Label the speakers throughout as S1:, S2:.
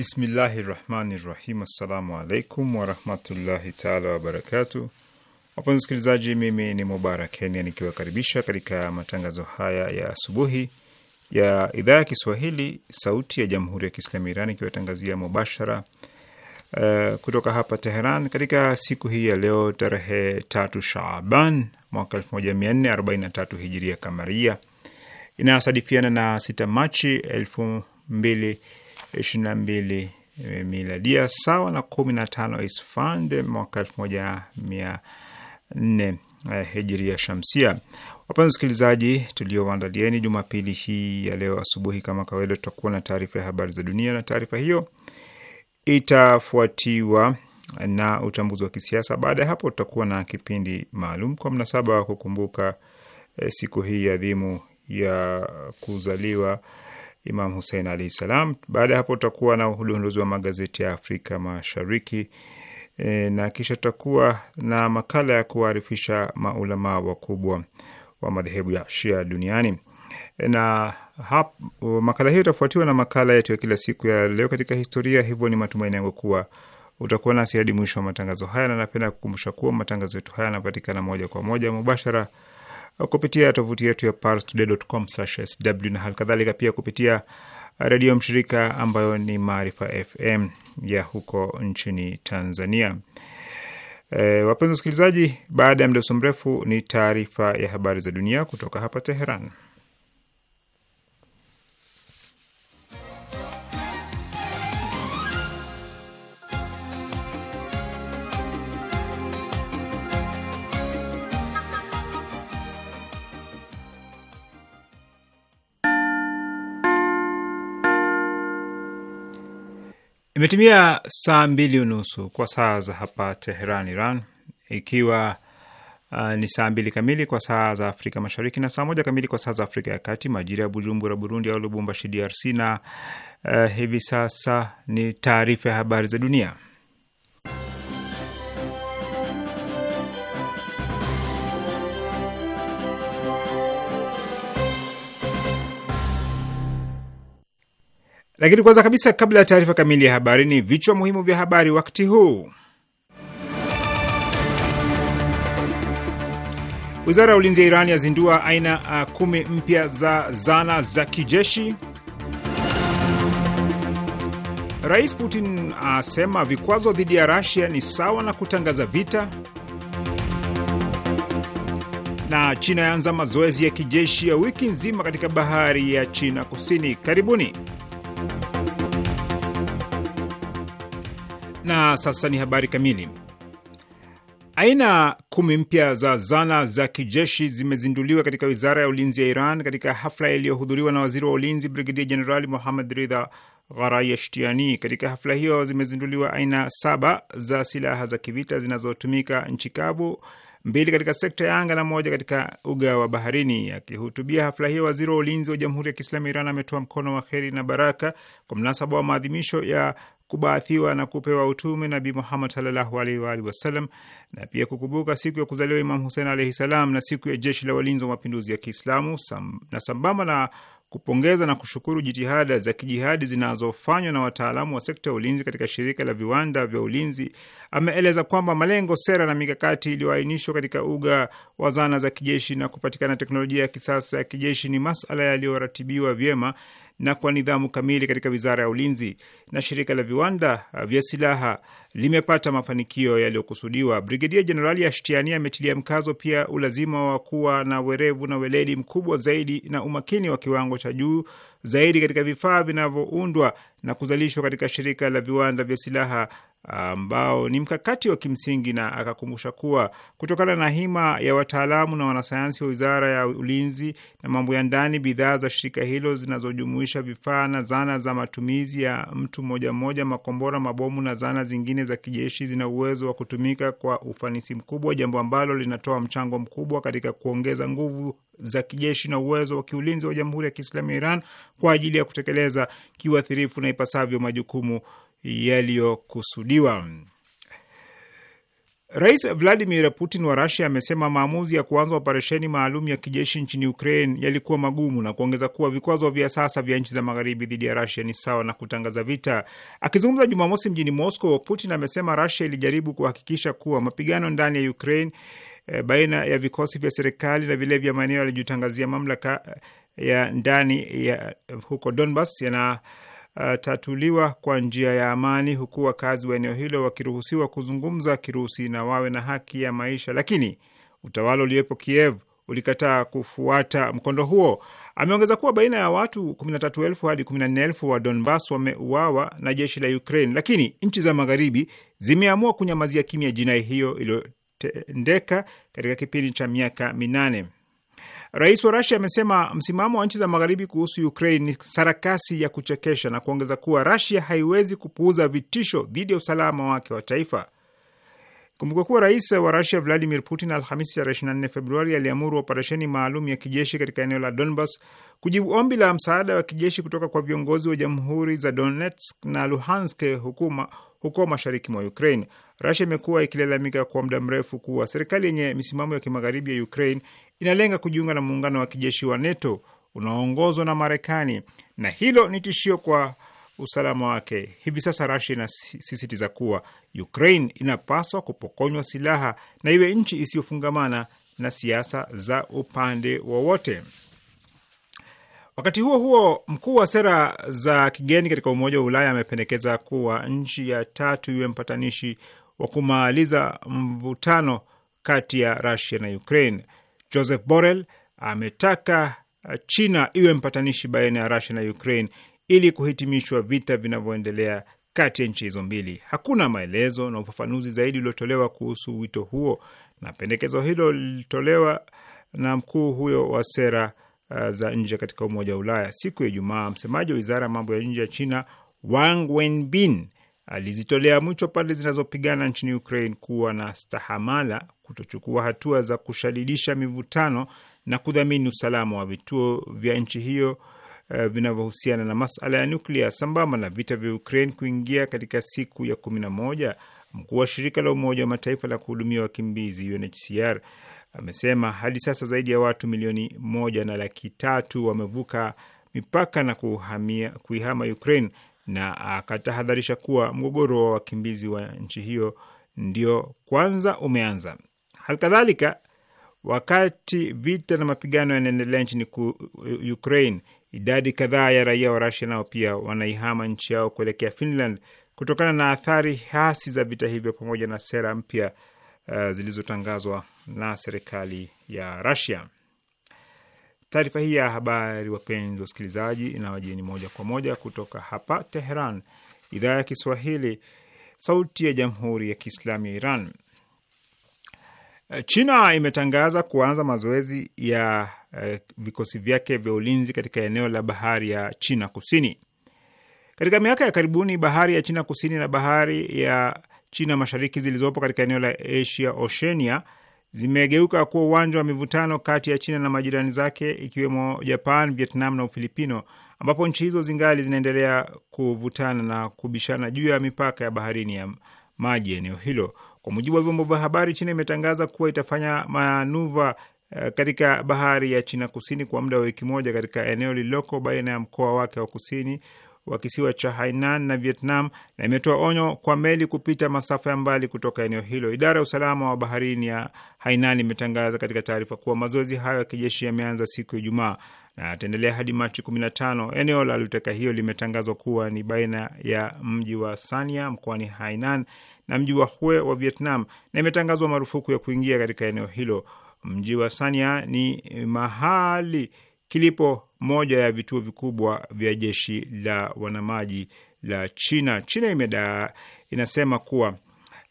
S1: Bismillahi rahmani rahim. Assalamu alaikum warahmatullahi taala wabarakatu. Wapenzi wasikilizaji, mimi ni Mubarak Kenya nikiwakaribisha katika matangazo haya ya asubuhi ya idhaa ya Kiswahili sauti ya jamhuri ya Kiislamu Iran ikiwatangazia mubashara uh, kutoka hapa Teheran katika siku hii ya leo tarehe tatu Shaaban mwaka tatu hijiria kamaria inayosadifiana na sita Machi elfu mbili ishirini na mbili eh, miladia sawa na kumi na tano Isfand mwaka elfu moja mia nne eh, hijiria shamsia. Wapenzi wasikilizaji, tuliowaandalieni Jumapili hii ya leo asubuhi, kama kawaida, tutakuwa na taarifa ya habari za dunia, na taarifa hiyo itafuatiwa na uchambuzi wa kisiasa. Baada ya hapo, tutakuwa na kipindi maalum kwa mnasaba wa kukumbuka eh, siku hii adhimu ya kuzaliwa Imam Husein alahi salam. Baada ya hapo tutakuwa na udondozi wa magazeti ya Afrika Mashariki e, na kisha tutakuwa na makala ya kuwaarifisha maulamaa wakubwa wa madhehebu ya Shia duniani e, na hap, makala hiyo itafuatiwa na makala yetu ya kila siku ya leo katika historia. Hivyo ni matumaini yangu kuwa utakuwa nasi hadi mwisho wa matangazo haya, na napenda kukumbusha kuwa matangazo yetu haya yanapatikana moja kwa moja mubashara kupitia tovuti yetu ya parstoday.com/sw na hali kadhalika pia kupitia redio mshirika ambayo ni Maarifa FM ya huko nchini Tanzania. E, wapenzi wasikilizaji, baada ya mdoso mrefu ni taarifa ya habari za dunia kutoka hapa Teheran. Imetimia saa mbili unusu kwa saa za hapa Teheran, Iran, ikiwa uh, ni saa mbili kamili kwa saa za Afrika Mashariki na saa moja kamili kwa saa za Afrika ya Kati, majira ya Bujumbura, Burundi, au Lubumbashi, DRC. Na uh, hivi sasa ni taarifa ya habari za dunia. Lakini kwanza kabisa, kabla ya taarifa kamili ya habari, ni vichwa muhimu vya habari wakati huu. Wizara ya ulinzi ya Iran yazindua aina ah, kumi mpya za zana za kijeshi. Rais Putin asema vikwazo dhidi ya Rasia ni sawa na kutangaza vita, na China yaanza mazoezi ya kijeshi ya wiki nzima katika bahari ya China Kusini. Karibuni. Na sasa ni habari kamili. Aina kumi mpya za zana za kijeshi zimezinduliwa katika wizara ya ulinzi ya Iran katika hafla iliyohudhuriwa na waziri wa ulinzi Brigedia Jenerali muhamed Ridha Gharayeshtiani. Katika hafla hiyo zimezinduliwa aina saba za silaha za kivita zinazotumika nchi kavu, mbili katika sekta ya anga na moja katika uga wa baharini. Akihutubia hafla hiyo, waziri wa ulinzi wa Jamhuri ya Kiislamu ya Iran ametoa mkono wa heri na baraka kwa mnasaba wa maadhimisho ya kubaathiwa na kupewa utume Nabi Muhammad sallallahu alaihi wa alihi wasallam, na pia kukumbuka siku ya kuzaliwa Imam Husein alaihi salam na siku ya jeshi la walinzi wa mapinduzi ya Kiislamu sam, na sambamba na kupongeza na kushukuru jitihada za kijihadi zinazofanywa na wataalamu wa sekta ya ulinzi katika shirika la viwanda vya ulinzi, ameeleza kwamba malengo, sera na mikakati iliyoainishwa katika uga wa zana za kijeshi na kupatikana teknolojia ya kisasa ya kijeshi ni masala yaliyoratibiwa vyema na kwa nidhamu kamili katika wizara ya ulinzi, na shirika la viwanda vya silaha limepata mafanikio yaliyokusudiwa. Brigedia Jenerali Ashtiani ametilia mkazo pia ulazima wa kuwa na werevu na weledi mkubwa zaidi na umakini wa kiwango cha juu zaidi katika vifaa vinavyoundwa na kuzalishwa katika shirika la viwanda vya silaha ambao ni mkakati wa kimsingi, na akakumbusha kuwa kutokana na hima ya wataalamu na wanasayansi wa wizara ya ulinzi na mambo ya ndani, bidhaa za shirika hilo zinazojumuisha vifaa na zana za matumizi ya mtu mmoja mmoja, makombora, mabomu na zana zingine za kijeshi zina uwezo wa kutumika kwa ufanisi mkubwa, jambo ambalo linatoa mchango mkubwa katika kuongeza nguvu za kijeshi na uwezo wa kiulinzi wa Jamhuri ya Kiislamu ya Iran kwa ajili ya kutekeleza kiuathirifu na ipasavyo majukumu yaliyokusudiwa. Rais Vladimir Putin wa Rusia amesema maamuzi ya kuanza operesheni maalum ya kijeshi nchini Ukraine yalikuwa magumu na kuongeza kuwa vikwazo vya sasa vya nchi za magharibi dhidi ya Rusia ni sawa na kutangaza vita. Akizungumza Jumamosi mjini Moscow, Putin amesema Rusia ilijaribu kuhakikisha kuwa mapigano ndani ya Ukraine e, baina ya vikosi vya serikali na vile vya maeneo yalijotangazia mamlaka eh, ya ndani ya huko Donbas yana tatuliwa kwa njia ya amani, huku wakazi wa eneo hilo wakiruhusiwa kuzungumza Kirusi na wawe na haki ya maisha, lakini utawala uliopo Kiev ulikataa kufuata mkondo huo. Ameongeza kuwa baina ya watu 13,000 hadi 14,000 wa Donbas wameuawa na jeshi la Ukraine, lakini nchi za magharibi zimeamua kunyamazia kimya jinai hiyo iliyotendeka katika kipindi cha miaka minane. Rais wa Rasia amesema msimamo wa nchi za magharibi kuhusu Ukraine ni sarakasi ya kuchekesha na kuongeza kuwa Rasia haiwezi kupuuza vitisho dhidi ya usalama wake wa taifa. Kumbuka kuwa rais wa Rasia Vladimir Putin Alhamisi ya 24 Februari aliamuru operesheni maalum ya kijeshi katika eneo la Donbas kujibu ombi la msaada wa kijeshi kutoka kwa viongozi wa jamhuri za Donetsk na Luhansk hukuma, huko mashariki mwa Ukraine. Rasia imekuwa ikilalamika kwa muda mrefu kuwa serikali yenye misimamo ya kimagharibi ya Ukraine inalenga kujiunga na muungano wa kijeshi wa NATO unaoongozwa na Marekani, na hilo ni tishio kwa usalama wake. Hivi sasa Rasia inasisitiza kuwa Ukraine inapaswa kupokonywa silaha na iwe nchi isiyofungamana na siasa za upande wowote. Wakati huo huo, mkuu wa sera za kigeni katika Umoja wa Ulaya amependekeza kuwa nchi ya tatu iwe mpatanishi wa kumaliza mvutano kati ya Rasia na Ukraine. Joseph Borrell ametaka China iwe mpatanishi baina ya Rusia na Ukraine ili kuhitimishwa vita vinavyoendelea kati ya nchi hizo mbili. Hakuna maelezo na ufafanuzi zaidi uliotolewa kuhusu wito huo, na pendekezo hilo lilitolewa na mkuu huyo wa sera uh, za nje katika Umoja wa Ulaya siku ya Ijumaa. Msemaji wa wizara ya mambo ya nje ya China Wang Wenbin alizitolea mwito pande zinazopigana nchini Ukraine kuwa na stahamala, kutochukua hatua za kushadidisha mivutano na kudhamini usalama wa vituo vya nchi hiyo uh, vinavyohusiana na masala ya nuklia, sambamba na vita vya Ukraine kuingia katika siku ya kumi na moja. Mkuu wa shirika la Umoja wa Mataifa la kuhudumia wakimbizi UNHCR amesema hadi sasa zaidi ya watu milioni moja na laki tatu wamevuka mipaka na kuihama Ukraine na akatahadharisha kuwa mgogoro wa wakimbizi wa nchi hiyo ndio kwanza umeanza. Halikadhalika, wakati vita na mapigano yanaendelea nchini uh, Ukraine, idadi kadhaa ya raia wa Rasia nao pia wanaihama nchi yao kuelekea Finland kutokana na athari hasi za vita hivyo, pamoja na sera mpya uh, zilizotangazwa na serikali ya Rasia. Taarifa hii ya habari, wapenzi wasikilizaji, inawajieni moja kwa moja kutoka hapa Teheran, idhaa ya Kiswahili, sauti ya jamhuri ya kiislamu ya Iran. China imetangaza kuanza mazoezi ya eh, vikosi vyake vya ulinzi katika eneo la bahari ya China Kusini. Katika miaka ya karibuni, bahari ya China Kusini na bahari ya China Mashariki zilizopo katika eneo la Asia Oceania zimegeuka kuwa uwanja wa mivutano kati ya China na majirani zake ikiwemo Japan, Vietnam na Ufilipino, ambapo nchi hizo zingali zinaendelea kuvutana na kubishana juu ya mipaka ya baharini ya maji eneo hilo. Kwa mujibu wa vyombo vya habari, China imetangaza kuwa itafanya manuva eh, katika bahari ya China kusini kwa muda wa wiki moja katika eneo lililoko baina ya mkoa wake wa kusini wa kisiwa cha Hainan na Vietnam na imetoa onyo kwa meli kupita masafa ya mbali kutoka eneo hilo. Idara ya usalama wa baharini ya Hainan imetangaza katika taarifa kuwa mazoezi hayo ya kijeshi yameanza siku ya Ijumaa na yataendelea hadi Machi 15. Eneo la luteka hiyo limetangazwa kuwa ni baina ya mji wa Sanya mkoani Hainan na mji wa Hue wa Vietnam, na imetangazwa marufuku ya kuingia katika eneo hilo. Mji wa Sanya ni mahali kilipo moja ya vituo vikubwa vya jeshi la wanamaji la China. China imeda, inasema kuwa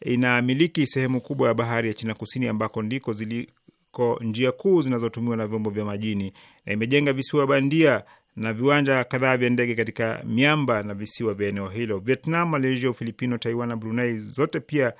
S1: inamiliki sehemu kubwa ya bahari ya China Kusini ambako ndiko ziliko njia kuu zinazotumiwa na vyombo vya majini na imejenga visiwa bandia na viwanja kadhaa vya ndege katika miamba na visiwa vya eneo hilo. Vietnam, Malaysia, Ufilipino, Taiwan na Brunei zote pia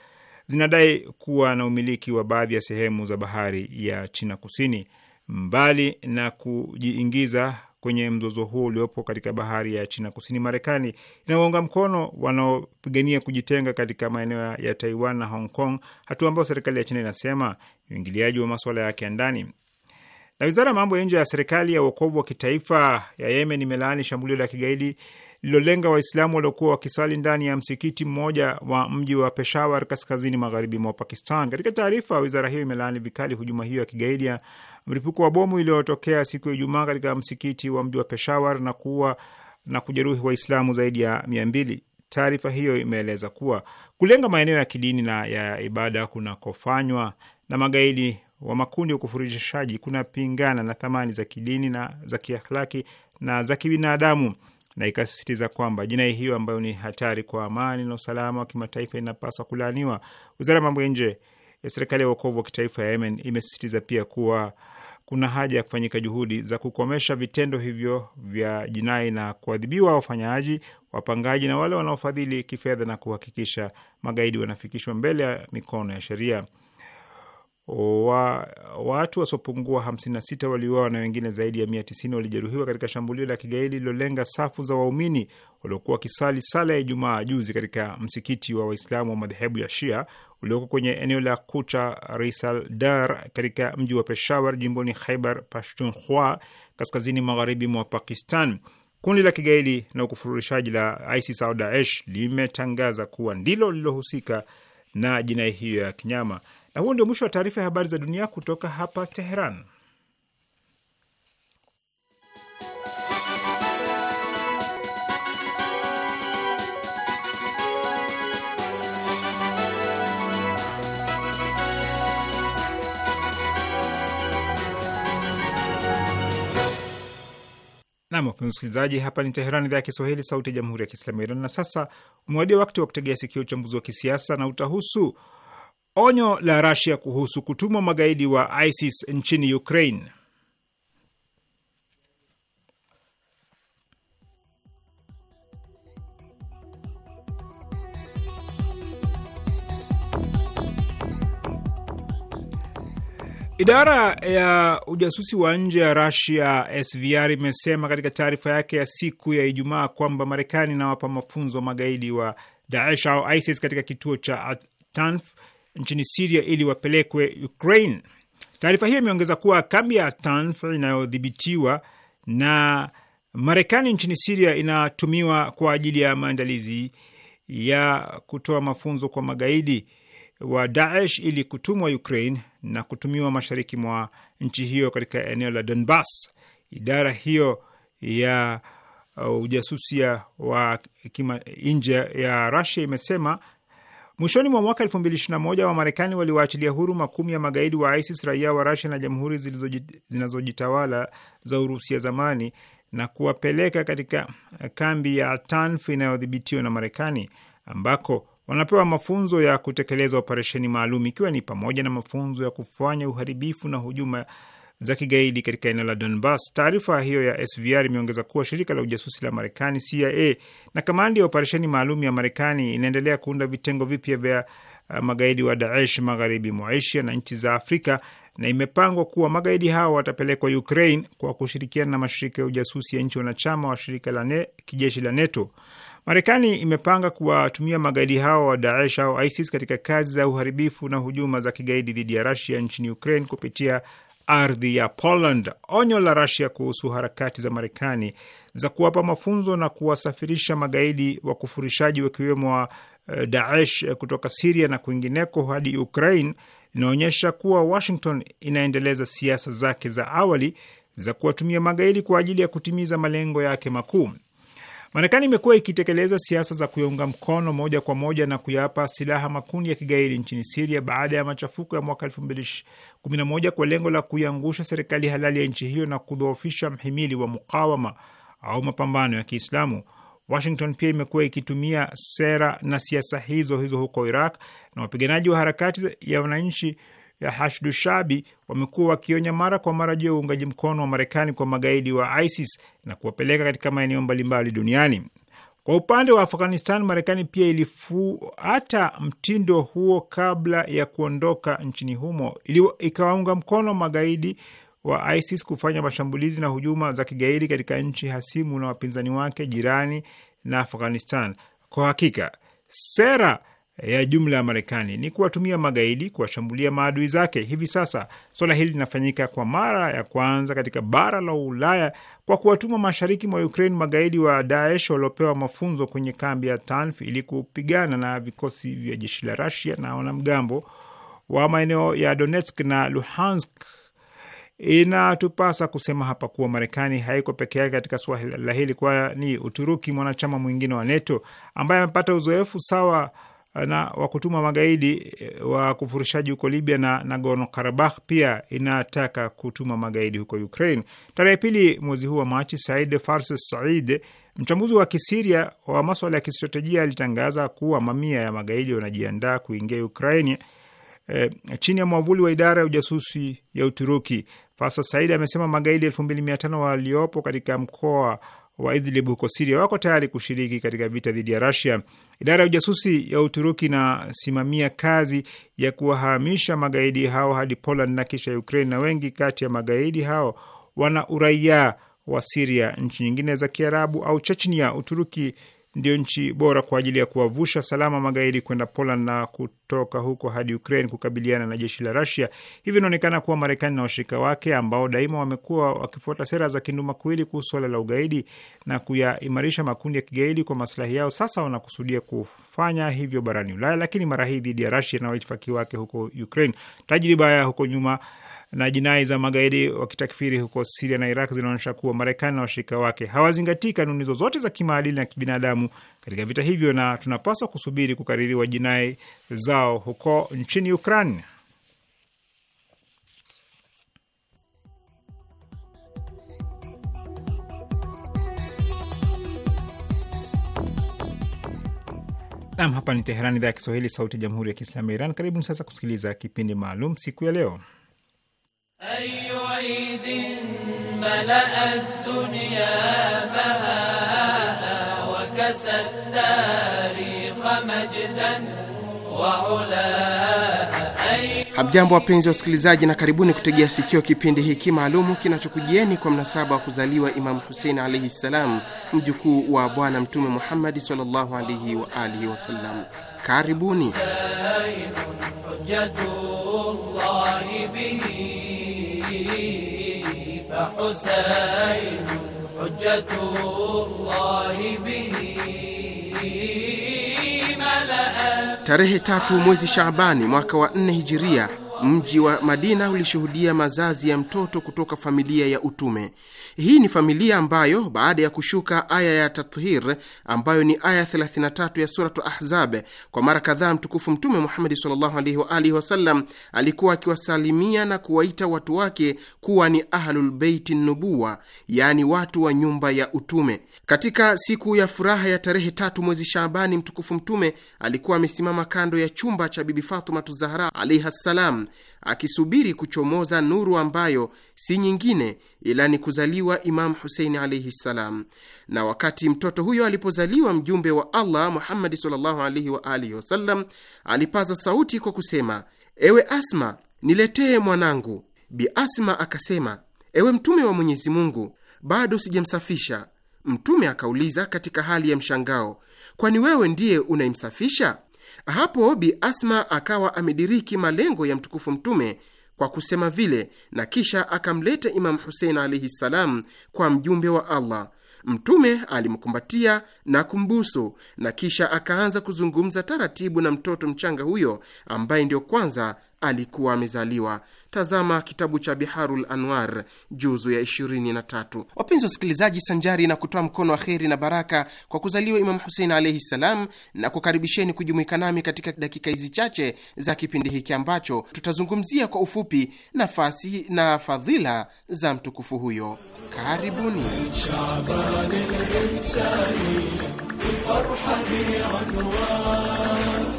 S1: zinadai kuwa na umiliki wa baadhi ya sehemu za bahari ya China Kusini. Mbali na kujiingiza kwenye mzozo huo uliopo katika bahari ya China Kusini, Marekani inawaunga mkono wanaopigania kujitenga katika maeneo ya Taiwan na Hong Kong, hatua ambayo serikali ya China inasema ni uingiliaji wa masuala yake ya ndani. Na wizara ya mambo ya nje ya serikali ya uokovu wa kitaifa ya Yemen imelaani shambulio la kigaidi lililolenga Waislamu waliokuwa wakisali ndani ya msikiti mmoja wa mji wa Peshawar kaskazini magharibi mwa Pakistan. Katika taarifa, wizara hiyo imelaani vikali hujuma hiyo ya kigaidi ya mlipuko wa bomu iliyotokea siku ya Ijumaa katika msikiti wa mji wa Peshawar na kuua na kujeruhi Waislamu zaidi ya mia mbili. Taarifa hiyo imeeleza kuwa kulenga maeneo ya kidini na ya ibada kunakofanywa na magaidi wa makundi ya ukufurishaji kunapingana na thamani za kidini na za kiakhlaki na za kibinadamu na ikasisitiza kwamba jinai hiyo ambayo ni hatari kwa amani na usalama wa kimataifa inapaswa kulaaniwa. Wizara ya mambo ya nje ya serikali ya uokovu wa kitaifa ya Yemen imesisitiza pia kuwa kuna haja ya kufanyika juhudi za kukomesha vitendo hivyo vya jinai na kuadhibiwa wafanyaji, wapangaji na wale wanaofadhili kifedha na kuhakikisha magaidi wanafikishwa mbele ya mikono ya sheria wa, watu wasiopungua 56 waliuawa na wengine zaidi ya 190 walijeruhiwa katika shambulio la kigaidi lilolenga safu za waumini waliokuwa wakisali sala ya Ijumaa juzi katika msikiti wa Waislamu wa madhehebu ya Shia ulioko kwenye eneo la Kucha Risaldar katika mji wa Peshawar jimboni Khaibar Pashtunkhwa kaskazini magharibi mwa Pakistan. Kundi la kigaidi na ukufurishaji la ISIS au Daesh limetangaza kuwa ndilo lililohusika na jinai hiyo ya kinyama. Na huo ndio mwisho wa taarifa ya habari za dunia kutoka hapa Teheran. Nam, wapenzi msikilizaji, hapa ni Teherani, idhaa ya Kiswahili, sauti ya jamhuri ya kiislamu ya Iran. Na sasa umewadia wakati wa kutegea sikio uchambuzi wa kisiasa na utahusu onyo la Rasia kuhusu kutumwa magaidi wa ISIS nchini Ukraine. Idara ya ujasusi wa nje ya Rasia SVR imesema katika taarifa yake ya siku ya Ijumaa kwamba Marekani inawapa mafunzo magaidi wa Daesh au ISIS katika kituo cha Tanf nchini Siria ili wapelekwe Ukraine. Taarifa hiyo imeongeza kuwa kambi ya Tanf inayodhibitiwa na Marekani nchini Siria inatumiwa kwa ajili ya maandalizi ya kutoa mafunzo kwa magaidi wa Daesh ili kutumwa Ukraine na kutumiwa mashariki mwa nchi hiyo katika eneo la Donbas. Idara hiyo ya ujasusi wa nje ya Rusia imesema Mwishoni mwa mwaka 2021 Wamarekani waliwaachilia huru makumi ya magaidi wa ISIS raia wa Rasia na jamhuri zinazojitawala za Urusi ya zamani na kuwapeleka katika kambi ya Tanf inayodhibitiwa na Marekani ambako wanapewa mafunzo ya kutekeleza operesheni maalum ikiwa ni pamoja na mafunzo ya kufanya uharibifu na hujuma za kigaidi katika eneo la Donbas. Taarifa hiyo ya SVR imeongeza kuwa shirika la ujasusi la Marekani CIA na kamandi ya operesheni maalum ya Marekani inaendelea kuunda vitengo vipya vya uh, magaidi wa Daesh magharibi mwa Asia na nchi za Afrika, na imepangwa kuwa magaidi hao watapelekwa Ukraine kwa kushirikiana na mashirika ya ujasusi ya nchi wanachama wa shirika la kijeshi la NATO. Marekani imepanga kuwatumia magaidi hao wa Daesh au ISIS katika kazi za uharibifu na hujuma za kigaidi dhidi ya Rusia nchini Ukraine kupitia ardhi ya Poland. Onyo la Rasia kuhusu harakati za Marekani za kuwapa mafunzo na kuwasafirisha magaidi wakufurishaji wakiwemo wa eh, Daesh eh, kutoka Siria na kwingineko hadi Ukraine inaonyesha kuwa Washington inaendeleza siasa zake za awali za kuwatumia magaidi kwa ajili ya kutimiza malengo yake makuu. Marekani imekuwa ikitekeleza siasa za kuyaunga mkono moja kwa moja na kuyapa silaha makundi ya kigaidi nchini Siria baada ya machafuko ya mwaka moja kwa lengo la kuiangusha serikali halali ya nchi hiyo na kudhoofisha mhimili wa mukawama au mapambano ya Kiislamu. Washington pia imekuwa ikitumia sera na siasa hizo hizo huko Iraq na wapiganaji wa harakati ya wananchi ya Hashdu Shabi wamekuwa wakionya mara kwa mara juu ya uungaji mkono wa Marekani kwa magaidi wa ISIS na kuwapeleka katika maeneo mbalimbali duniani. Kwa upande wa Afghanistan, Marekani pia ilifuata mtindo huo kabla ya kuondoka nchini humo, ikawaunga mkono magaidi wa ISIS kufanya mashambulizi na hujuma za kigaidi katika nchi hasimu na wapinzani wake jirani na Afghanistan. Kwa hakika sera ya jumla ya Marekani ni kuwatumia magaidi kuwashambulia maadui zake. Hivi sasa swala hili linafanyika kwa mara ya kwanza katika bara la Ulaya kwa kuwatuma mashariki mwa Ukraine magaidi wa Daesh waliopewa mafunzo kwenye kambi ya Tanf ili kupigana na vikosi vya jeshi la Rasia na wanamgambo wa maeneo ya Donetsk na Luhansk. Inatupasa kusema hapa kuwa Marekani haiko peke yake katika suala hili, kwani Uturuki, mwanachama mwingine wa NATO ambaye amepata uzoefu sawa Eh, na wa kutuma magaidi eh, wa kufurushaji huko Libya na Nagorno Karabakh pia inataka kutuma magaidi huko Ukraine. Tarehe pili mwezi huu wa Machi, Said Fars Said, mchambuzi wa kisiria wa maswala ya kistratejia, alitangaza kuwa mamia ya magaidi wanajiandaa kuingia Ukraine e, chini ya mwavuli wa idara ya ujasusi ya Uturuki. Fars Said amesema magaidi tano waliopo katika mkoa wa Idlib huko Siria wako tayari kushiriki katika vita dhidi ya Rasia. Idara ya ujasusi ya Uturuki inasimamia kazi ya kuwahamisha magaidi hao hadi Poland na kisha Ukraine, na wengi kati ya magaidi hao wana uraia wa Siria, nchi nyingine za Kiarabu au Chechnia. Uturuki ndio nchi bora kwa ajili ya kuwavusha salama magaidi kwenda Poland na kutoka huko hadi Ukraine kukabiliana na jeshi la rasia Hivyo inaonekana kuwa Marekani na washirika wake ambao daima wamekuwa wakifuata sera za kinduma kuwili kuhusu suala la ugaidi na kuyaimarisha makundi ya kigaidi kwa maslahi yao, sasa wanakusudia kufanya hivyo barani Ulaya, lakini mara hii dhidi ya rasia na waitifaki wake huko Ukraine. Tajriba ya huko nyuma na jinai za magaidi wa kitakfiri huko Siria na Iraq zinaonyesha kuwa Marekani na washirika wake hawazingatii kanuni zozote za kimaadili na kibinadamu katika vita hivyo, na tunapaswa kusubiri kukaririwa jinai zao huko nchini Ukraine. Nam, hapa ni Teherani, idhaa ya Kiswahili, sauti ya jamhuri ya kiislamu ya Iran. Karibuni sasa kusikiliza kipindi maalum siku ya leo
S2: أي عيد ملأ الدنيا بهاء وكسى التاريخ مجدا وعلا
S3: Hamjambo, wapenzi wa wasikilizaji, na karibuni kutegea sikio kipindi hiki maalumu kinachokujieni kwa mnasaba wa kuzaliwa Imamu Husein alaihi ssalam, mjukuu wa Bwana Mtume Muhammadi sallallahu alaihi wa alihi wasallam. Karibuni.
S4: به فحسين حجة الله
S3: به Tarehe tatu mwezi Shaabani mwaka wa nne hijiria Mji wa Madina ulishuhudia mazazi ya mtoto kutoka familia ya utume. Hii ni familia ambayo baada ya kushuka aya ya tathir ambayo ni aya 33 ya Suratu Ahzab, kwa mara kadhaa mtukufu Mtume Muhamadi sallallahu alaihi wa alihi wasallam alikuwa akiwasalimia na kuwaita watu wake kuwa ni Ahlulbeiti Nubuwa, yaani watu wa nyumba ya utume. Katika siku ya furaha ya tarehe tatu mwezi Shaabani, mtukufu Mtume alikuwa amesimama kando ya chumba cha Bibi Fatumatu Zahra alaihi ssalam akisubiri kuchomoza nuru ambayo si nyingine ila ni kuzaliwa Imamu Husein alaihi ssalam. Na wakati mtoto huyo alipozaliwa, mjumbe wa Allah Muhammadi sallallahu alaihi wa alihi wasallam alipaza sauti kwa kusema, ewe Asma, niletee mwanangu. Bi Asma akasema, ewe Mtume wa Mwenyezi Mungu, bado sijamsafisha. Mtume akauliza katika hali ya mshangao, kwani wewe ndiye unaimsafisha? Hapo Bi Asma akawa amediriki malengo ya mtukufu Mtume kwa kusema vile, na kisha akamleta Imamu Husein alaihi ssalam kwa mjumbe wa Allah. Mtume alimkumbatia na kumbusu, na kisha akaanza kuzungumza taratibu na mtoto mchanga huyo ambaye ndiyo kwanza alikuwa amezaliwa. Tazama kitabu cha Biharul Anwar juzu ya 23. Wapenzi wasikilizaji, sanjari na kutoa mkono wa kheri na baraka kwa kuzaliwa Imamu Husein alaihi salam, na kukaribisheni kujumuika nami katika dakika hizi chache za kipindi hiki ambacho tutazungumzia kwa ufupi nafasi na fadhila za mtukufu huyo. Karibuni.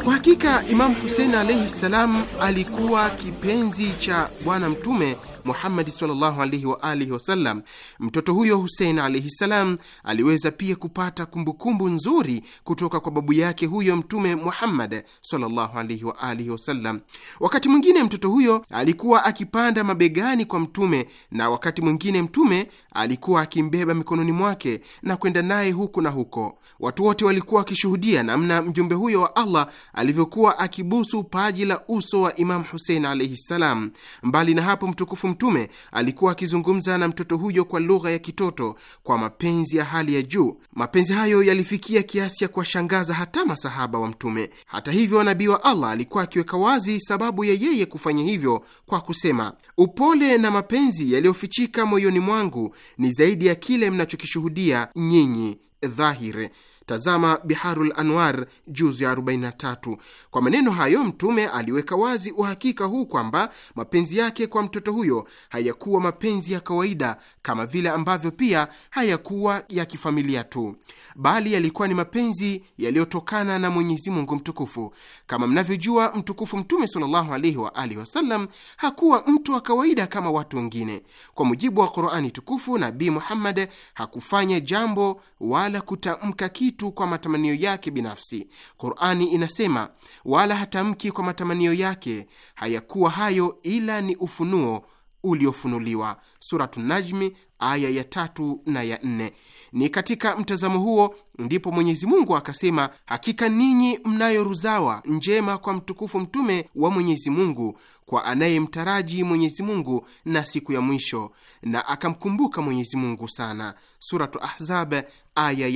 S3: Kwa hakika Imamu Husein alaihi ssalam alikuwa kipenzi cha Bwana Mtume Muhammadi sallallahu alaihi wa alihi wasallam, mtoto huyo Husein alaihi salam aliweza pia kupata kumbukumbu kumbu nzuri kutoka kwa babu yake huyo Mtume Muhammad sallallahu alaihi wa alihi wasallam. Wakati mwingine mtoto huyo alikuwa akipanda mabegani kwa Mtume na wakati mwingine Mtume alikuwa akimbeba mikononi mwake na kwenda naye huku na huko. Watu wote walikuwa wakishuhudia namna mjumbe huyo wa Allah alivyokuwa akibusu paji la uso wa Imamu Husein alaihi salam Mbali na hapo, mtukufu Mtume alikuwa akizungumza na mtoto huyo kwa lugha ya kitoto kwa mapenzi ya hali ya juu. Mapenzi hayo yalifikia kiasi ya kuwashangaza hata masahaba wa Mtume. Hata hivyo, nabii wa Allah alikuwa akiweka wazi sababu ya yeye kufanya hivyo kwa kusema, upole na mapenzi yaliyofichika moyoni mwangu ni zaidi ya kile mnachokishuhudia nyinyi dhahiri Tazama Biharul Anwar juzu ya 43. Kwa maneno hayo Mtume aliweka wazi uhakika huu kwamba mapenzi yake kwa mtoto huyo hayakuwa mapenzi ya kawaida, kama vile ambavyo pia hayakuwa ya kifamilia tu, bali yalikuwa ni mapenzi yaliyotokana na Mwenyezi Mungu Mtukufu. Kama mnavyojua, mtukufu Mtume sallallahu alaihi wa alihi wasallam hakuwa mtu wa kawaida kama watu wengine. Kwa mujibu wa Qurani Tukufu, Nabii Muhammad hakufanya jambo wala kutamka kitu kitu kwa matamanio yake binafsi. Qurani inasema, wala hatamki kwa matamanio yake, hayakuwa hayo ila ni ufunuo uliofunuliwa. Suratu Najmi aya ya tatu na ya nne. Ni katika mtazamo huo ndipo Mwenyezi Mungu akasema, hakika ninyi mnayo ruzawa njema kwa mtukufu mtume wa Mwenyezi Mungu, kwa anayemtaraji Mwenyezi Mungu na siku ya mwisho, na akamkumbuka Mwenyezi Mungu sana. Suratu Ahzab aya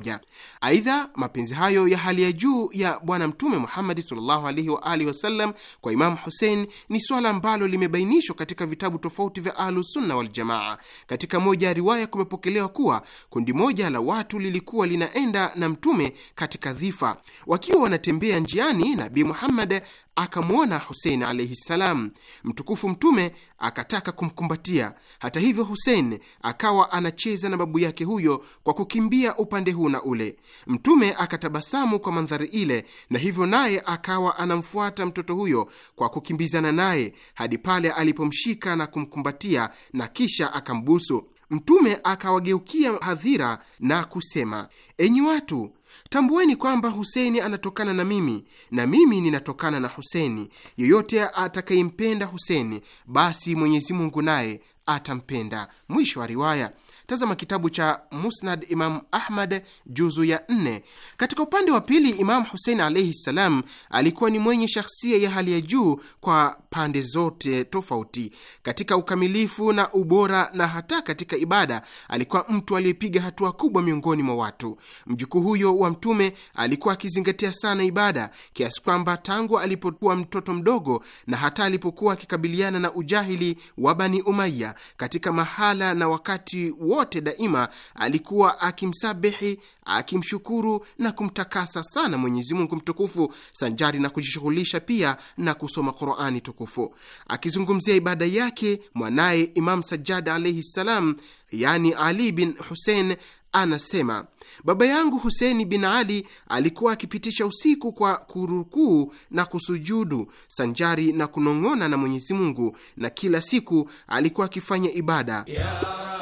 S3: ya Aidha, mapenzi hayo ya hali ya juu ya Bwana Mtume Muhammadi sallallahu alaihi wa alihi wasallam kwa Imamu Husein ni swala ambalo limebainishwa katika vitabu tofauti vya Ahlusunna Waljamaa. Katika moja ya riwaya kumepokelewa kuwa kundi moja la watu lilikuwa linaenda na Mtume katika dhifa. Wakiwa wanatembea njiani, Nabii Muhammad akamwona Husein alaihi ssalam, mtukufu Mtume akataka kumkumbatia. Hata hivyo, Husein akawa anacheza na babu yake huyo kwa kukimbia upande huu na ule. Mtume akatabasamu kwa mandhari ile, na hivyo naye akawa anamfuata mtoto huyo kwa kukimbizana naye hadi pale alipomshika na kumkumbatia, na kisha akambusu. Mtume akawageukia hadhira na kusema, enyi watu, tambueni kwamba Huseni anatokana na mimi na mimi ninatokana na Huseni. Yeyote atakayempenda Huseni, basi Mwenyezi Mungu naye atampenda. Mwisho wa riwaya. Tazama kitabu cha Musnad Imam Ahmad juzu ya nne. Katika upande wa pili, Imam Husein alaihi ssalam alikuwa ni mwenye shahsia ya hali ya juu kwa pande zote tofauti, katika ukamilifu na ubora, na hata katika ibada alikuwa mtu aliyepiga hatua kubwa miongoni mwa watu. Mjukuu huyo wa Mtume alikuwa akizingatia sana ibada kiasi kwamba tangu alipokuwa mtoto mdogo na hata alipokuwa akikabiliana na ujahili wa Bani Umaya katika mahala na wakati wa wote daima alikuwa akimsabihi, akimshukuru na kumtakasa sana Mwenyezi Mungu mtukufu, sanjari na kujishughulisha pia na kusoma Qurani tukufu. Akizungumzia ibada yake mwanaye Imam Sajjad alaihi ssalam, yani Ali bin Husein anasema baba yangu Huseni bin Ali alikuwa akipitisha usiku kwa kurukuu na kusujudu sanjari na kunong'ona na Mwenyezi Mungu, na kila siku alikuwa akifanya ibada yeah.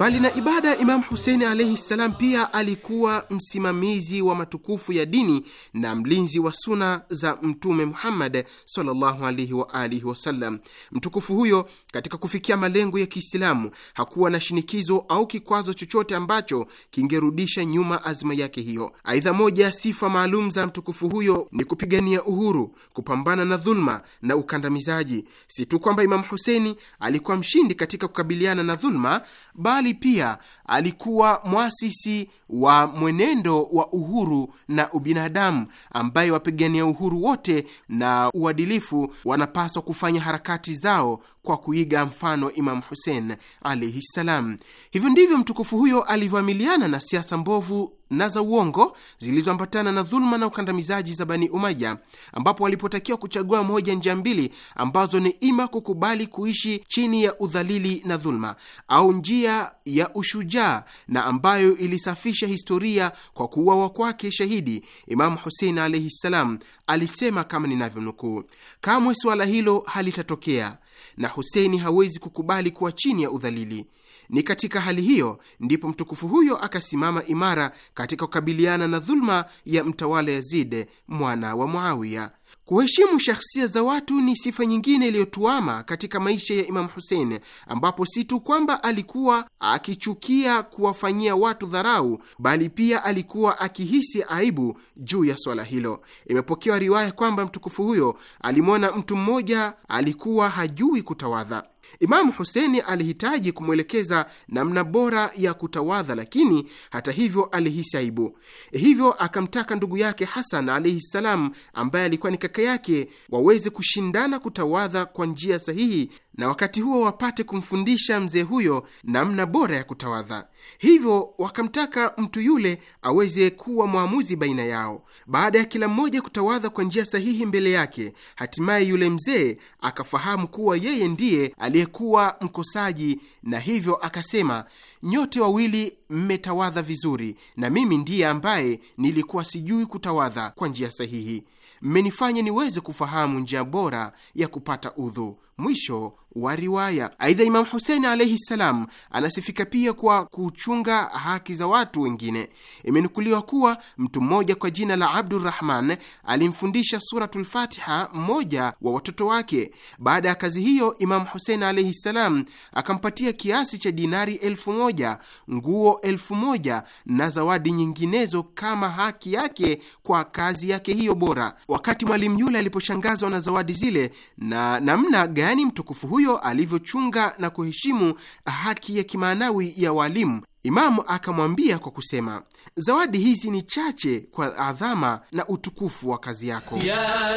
S3: Mbali na ibada, Imamu Huseini alaihi ssalam pia alikuwa msimamizi wa matukufu ya dini na mlinzi wa suna za Mtume Muhammad sallallahu alaihi wa alihi wasallam. Mtukufu huyo katika kufikia malengo ya Kiislamu hakuwa na shinikizo au kikwazo chochote ambacho kingerudisha nyuma azma yake hiyo. Aidha, moja ya sifa maalum za mtukufu huyo ni kupigania uhuru, kupambana na dhulma na ukandamizaji. Si tu kwamba Imamu huseni alikuwa mshindi katika kukabiliana na dhulma bali pia alikuwa mwasisi wa mwenendo wa uhuru na ubinadamu ambaye wapigania uhuru wote na uadilifu wanapaswa kufanya harakati zao kwa kuiga mfano Imamu Husein alaihi ssalam. Hivyo ndivyo mtukufu huyo alivyoamiliana na siasa mbovu na za uongo zilizoambatana na dhuluma na ukandamizaji za Bani Umaya, ambapo walipotakiwa kuchagua moja njia mbili ambazo ni ima kukubali kuishi chini ya udhalili na dhuluma au njia ya ushujaa na ambayo ilisafisha historia kwa kuuawa kwake shahidi Imamu Husein alaihi ssalam, alisema kama ninavyonukuu: kamwe suala hilo halitatokea na Huseini hawezi kukubali kuwa chini ya udhalili. Ni katika hali hiyo ndipo mtukufu huyo akasimama imara katika kukabiliana na dhuluma ya mtawala Yazid mwana wa Muawiya. Kuheshimu shahsia za watu ni sifa nyingine iliyotuama katika maisha ya Imamu Husein, ambapo si tu kwamba alikuwa akichukia kuwafanyia watu dharau, bali pia alikuwa akihisi aibu juu ya swala hilo. Imepokewa riwaya kwamba mtukufu huyo alimwona mtu mmoja alikuwa hajui kutawadha. Imamu Huseni alihitaji kumwelekeza namna bora ya kutawadha, lakini hata hivyo alihisi aibu, hivyo akamtaka ndugu yake Hasan alaihi ssalam, ambaye alikuwa ni kaka yake, waweze kushindana kutawadha kwa njia sahihi na wakati huo wapate kumfundisha mzee huyo namna bora ya kutawadha. Hivyo wakamtaka mtu yule aweze kuwa mwamuzi baina yao. Baada ya kila mmoja kutawadha kwa njia sahihi mbele yake, hatimaye yule mzee akafahamu kuwa yeye ndiye aliyekuwa mkosaji, na hivyo akasema, nyote wawili mmetawadha vizuri, na mimi ndiye ambaye nilikuwa sijui kutawadha kwa njia sahihi mmenifanya niweze kufahamu njia bora ya kupata udhu. Mwisho wa riwaya. Aidha, Imamu Husein alaihi ssalam anasifika pia kwa kuchunga haki za watu wengine. Imenukuliwa kuwa mtu mmoja kwa jina la Abdurrahman alimfundisha Suratul Fatiha mmoja wa watoto wake. Baada ya kazi hiyo, Imamu Husein alaihi ssalam akampatia kiasi cha dinari elfu moja, nguo elfu moja na zawadi nyinginezo kama haki yake kwa kazi yake hiyo bora. Wakati mwalimu yule aliposhangazwa na zawadi zile na namna gani mtukufu huyo alivyochunga na kuheshimu haki ya kimaanawi ya waalimu, Imamu akamwambia kwa kusema, zawadi hizi ni chache kwa adhama na utukufu wa kazi yako
S4: ya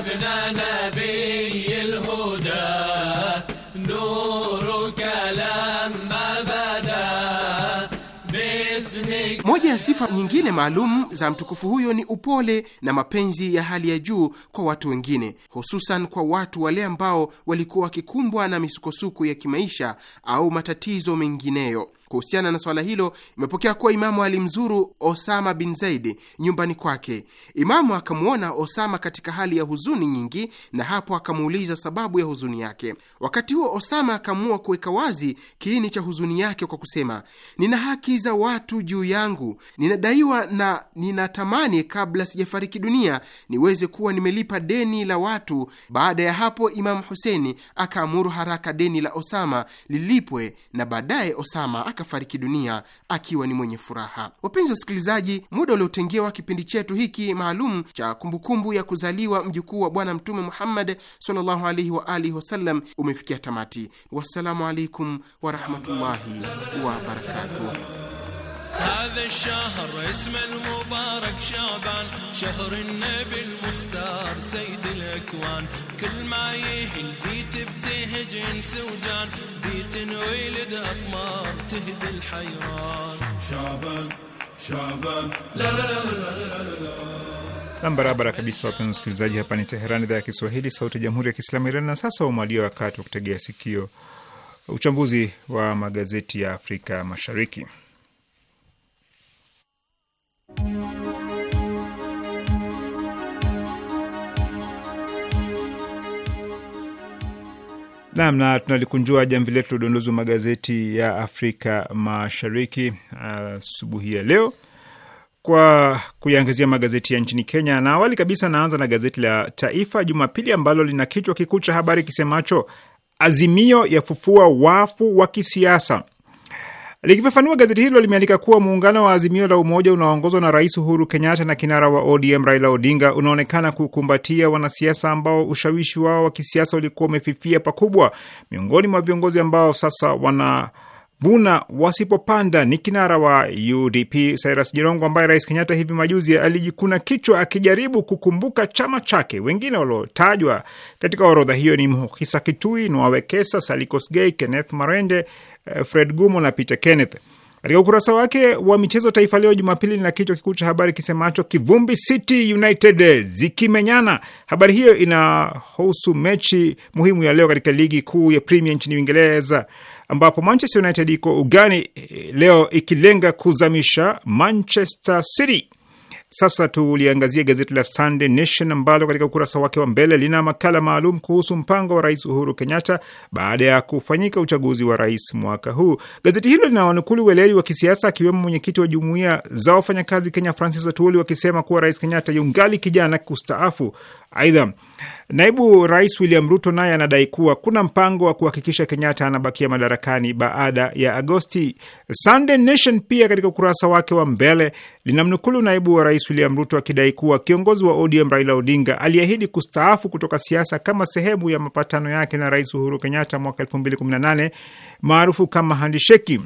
S4: Moja
S3: ya sifa nyingine maalum za mtukufu huyo ni upole na mapenzi ya hali ya juu kwa watu wengine, hususan kwa watu wale ambao walikuwa wakikumbwa na misukosuko ya kimaisha au matatizo mengineyo. Kuhusiana na swala hilo, imepokea kuwa Imamu alimzuru Osama bin Zaidi nyumbani kwake. Imamu akamwona Osama katika hali ya huzuni nyingi, na hapo akamuuliza sababu ya huzuni yake. Wakati huo Osama akaamua kuweka wazi kiini cha huzuni yake kwa kusema, nina haki za watu juu yangu, ninadaiwa na ninatamani kabla sijafariki dunia niweze kuwa nimelipa deni la watu. Baada ya hapo, Imamu Huseni akaamuru haraka deni la Osama lilipwe, na baadaye Osama aka akafariki dunia akiwa ni mwenye furaha. Wapenzi wasikilizaji, muda uliotengewa kipindi chetu hiki maalum cha kumbukumbu ya kuzaliwa mjukuu wa Bwana Mtume Muhammad sallallahu alaihi wa alihi wasallam umefikia tamati. Wassalamu alaikum warahmatullahi wabarakatuh.
S4: هذا الشهر اسم المبارك شعبان شهر النبي المختار سيد الأكوان كل ما يهل بيت بتهج انس وجان بيت ولد أقمار تهد الحيران
S2: شعبان شعبان لا لا لا لا لا لا
S1: Nam barabara kabisa, wapenzi msikilizaji, hapa ni Teherani, idhaa ya Kiswahili, sauti ya jamhuri ya kiislamu Iran. Na sasa umalia wakati wa kutegea sikio uchambuzi wa magazeti ya Afrika Mashariki. Nam na tunalikunjua jamvi letu la udondozi wa magazeti ya Afrika Mashariki uh, asubuhi uh, ya leo kwa kuyaangazia magazeti ya nchini Kenya, na awali kabisa naanza na gazeti la Taifa Jumapili ambalo lina kichwa kikuu cha habari kisemacho Azimio yafufua wafu wa kisiasa. Likifafanua, gazeti hilo limeandika kuwa muungano wa Azimio la Umoja unaoongozwa na Rais Uhuru Kenyatta na kinara wa ODM Raila Odinga unaonekana kukumbatia wanasiasa ambao ushawishi wao wa kisiasa ulikuwa umefifia pakubwa. Miongoni mwa viongozi ambao sasa wana vuna wasipopanda ni kinara wa UDP Cyrus Jirongo, ambaye Rais Kenyatta hivi majuzi alijikuna kichwa akijaribu kukumbuka chama chake. Wengine waliotajwa katika orodha hiyo ni Mhisa Kitui, Noah Wekesa, Sally Kosgei, Kenneth Marende, eh, Fred Gumo na Peter Kenneth. Katika ukurasa wake wa michezo, Taifa Leo Jumapili lina kichwa kikuu cha habari kisemacho kivumbi City United zikimenyana. Habari hiyo inahusu mechi muhimu ya leo katika ligi kuu ya Premier nchini Uingereza ambapo Manchester United iko ugani eh, leo ikilenga kuzamisha Manchester City. Sasa tuliangazia gazeti la Sunday Nation ambalo katika ukurasa wake wa mbele lina makala maalum kuhusu mpango wa Rais Uhuru Kenyatta baada ya kufanyika uchaguzi wa rais mwaka huu. Gazeti hilo lina wanukulu weledi wa kisiasa akiwemo mwenyekiti wa jumuiya za wafanyakazi Kenya Francis Atwoli wakisema kuwa Rais Kenyatta yungali kijana kustaafu. Aidha, naibu rais William Ruto naye anadai kuwa kuna mpango wa kuhakikisha Kenyatta anabakia madarakani baada ya Agosti. Sunday Nation pia katika ukurasa wake wa mbele linamnukulu naibu wa rais William Ruto akidai kuwa kiongozi wa ODM Raila Odinga aliahidi kustaafu kutoka siasa kama sehemu ya mapatano yake na Rais Uhuru Kenyatta mwaka 2018 maarufu kama handisheki.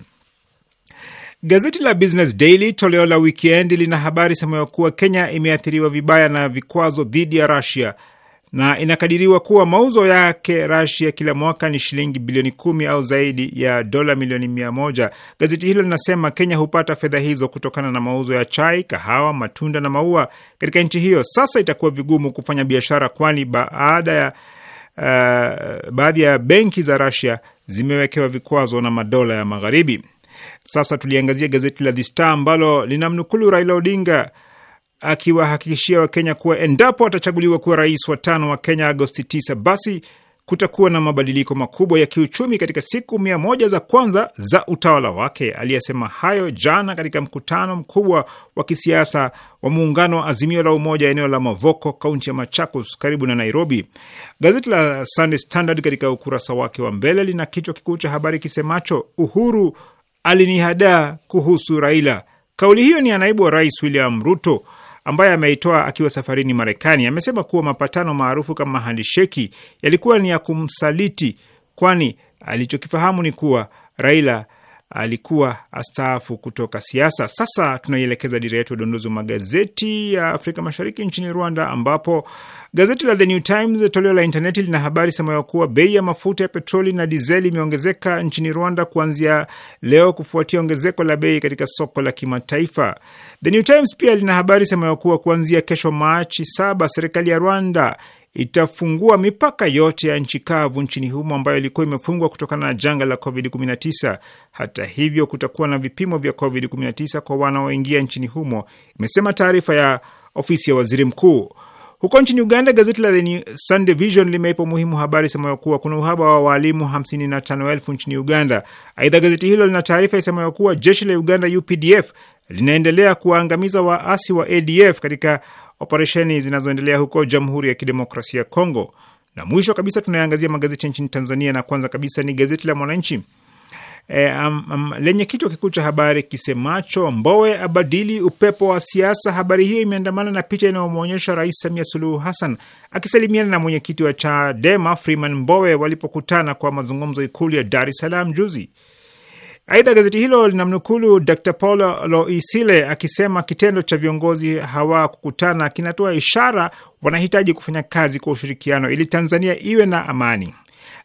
S1: Gazeti la Business Daily toleo la wikiendi lina habari semayo kuwa Kenya imeathiriwa vibaya na vikwazo dhidi ya rasia na inakadiriwa kuwa mauzo yake Rasia kila mwaka ni shilingi bilioni kumi au zaidi ya dola milioni mia moja. Gazeti hilo linasema Kenya hupata fedha hizo kutokana na mauzo ya chai, kahawa, matunda na maua katika nchi hiyo. Sasa itakuwa vigumu kufanya biashara, kwani baada ya uh, baadhi ya benki za Rasia zimewekewa vikwazo na madola ya Magharibi. Sasa tuliangazia gazeti la The Star ambalo linamnukulu Raila Odinga akiwahakikishia Wakenya kuwa endapo atachaguliwa kuwa rais wa tano wa Kenya Agosti 9 basi kutakuwa na mabadiliko makubwa ya kiuchumi katika siku mia moja za kwanza za utawala wake. Aliyesema hayo jana katika mkutano mkubwa wa kisiasa wa muungano wa Azimio la Umoja eneo la Mavoko, kaunti ya Machakos, karibu na Nairobi. Gazeti la Sunday Standard katika ukurasa wake wa mbele lina kichwa kikuu cha habari kisemacho uhuru alinihadaa kuhusu Raila. Kauli hiyo ni ya naibu wa rais William Ruto ambaye ameitoa akiwa safarini Marekani. Amesema kuwa mapatano maarufu kama handisheki yalikuwa ni ya kumsaliti, kwani alichokifahamu ni kuwa Raila alikuwa astaafu kutoka siasa. Sasa tunaielekeza dira yetu ya udondozi wa magazeti ya Afrika Mashariki nchini Rwanda, ambapo gazeti la The New Times toleo la intaneti lina habari semayo kuwa bei ya mafuta ya petroli na dizeli imeongezeka nchini Rwanda kuanzia leo kufuatia ongezeko la bei katika soko la kimataifa. The New Times pia lina habari semayo kuwa kuanzia kesho Machi saba, serikali ya Rwanda itafungua mipaka yote ya nchi kavu nchini humo ambayo ilikuwa imefungwa kutokana na janga la COVID-19. Hata hivyo, kutakuwa na vipimo vya COVID-19 kwa wanaoingia nchini humo, imesema taarifa ya ofisi ya waziri mkuu. Huko nchini Uganda, gazeti la The Sunday Vision limeipa umuhimu habari semayo kuwa kuna uhaba wa waalimu 55,000 nchini Uganda. Aidha, gazeti hilo lina taarifa isemayo kuwa jeshi la Uganda UPDF linaendelea kuwaangamiza waasi wa ADF katika operesheni zinazoendelea huko Jamhuri ya Kidemokrasia ya Kongo. Na mwisho kabisa tunaangazia magazeti nchini Tanzania, na kwanza kabisa ni gazeti la Mwananchi e, um, um, lenye kichwa kikuu cha habari kisemacho Mbowe abadili upepo wa siasa. Habari hiyo imeandamana na picha inayomwonyesha Rais Samia Suluhu Hassan akisalimiana na mwenyekiti wa Chadema Freeman Mbowe walipokutana kwa mazungumzo Ikulu ya Dar es Salaam juzi. Aidha, gazeti hilo linamnukulu Dr Paul Loisile akisema kitendo cha viongozi hawa kukutana kinatoa ishara wanahitaji kufanya kazi kwa ushirikiano ili Tanzania iwe na amani.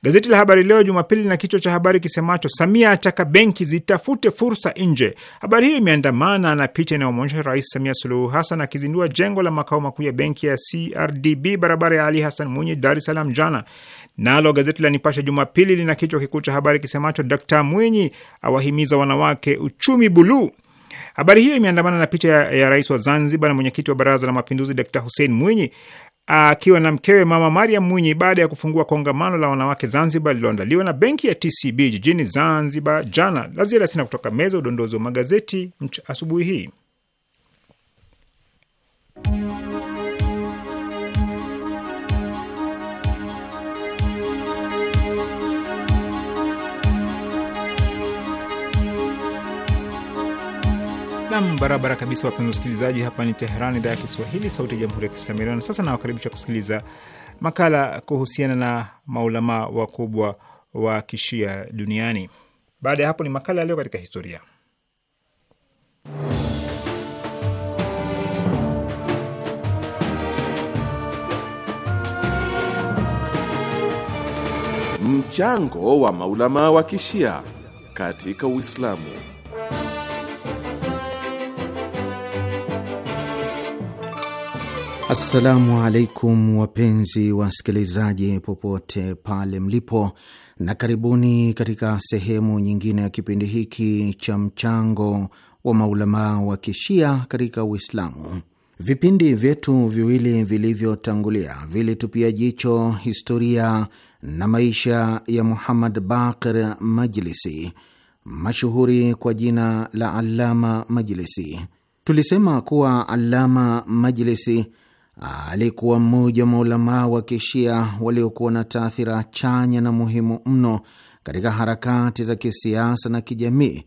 S1: Gazeti la Habari Leo Jumapili na kichwa cha habari kisemacho Samia ataka benki zitafute fursa nje. Habari hiyo imeandamana na picha inayomwonyesha Rais Samia Suluhu Hassan akizindua jengo la makao makuu ya benki ya CRDB barabara ya Ali Hassan Mwinyi, Dar es Salaam jana. Nalo gazeti la Nipashe Jumapili lina kichwa kikuu cha habari kisemacho Dkt Mwinyi awahimiza wanawake uchumi buluu. Habari hiyo imeandamana na picha ya, ya rais wa Zanzibar na mwenyekiti wa Baraza la Mapinduzi Dkt Hussein Mwinyi akiwa na mkewe Mama Mariam Mwinyi baada ya kufungua kongamano la wanawake Zanzibar lililoandaliwa na benki ya TCB jijini Zanzibar jana. La ziada sina kutoka meza udondozi wa magazeti asubuhi hii. Nam barabara kabisa, wapenzi wasikilizaji, hapa ni Teheran, idhaa ya Kiswahili, sauti ya jamhuri ya kiislamu Iran. Sasa nawakaribisha kusikiliza makala kuhusiana na maulamaa wakubwa wa kishia duniani. Baada ya hapo ni makala yaliyo katika historia.
S3: Mchango wa maulamaa wa kishia katika Uislamu.
S5: Assalamu alaikum wapenzi wasikilizaji, popote pale mlipo, na karibuni katika sehemu nyingine ya kipindi hiki cha mchango wa maulamaa wa kishia katika Uislamu. Vipindi vyetu viwili vilivyotangulia vilitupia jicho historia na maisha ya Muhammad Baqir Majlisi, mashuhuri kwa jina la Allama Majlisi. Tulisema kuwa Allama Majlisi alikuwa mmoja wa maulamaa wa kishia waliokuwa na taathira chanya na muhimu mno katika harakati za kisiasa na kijamii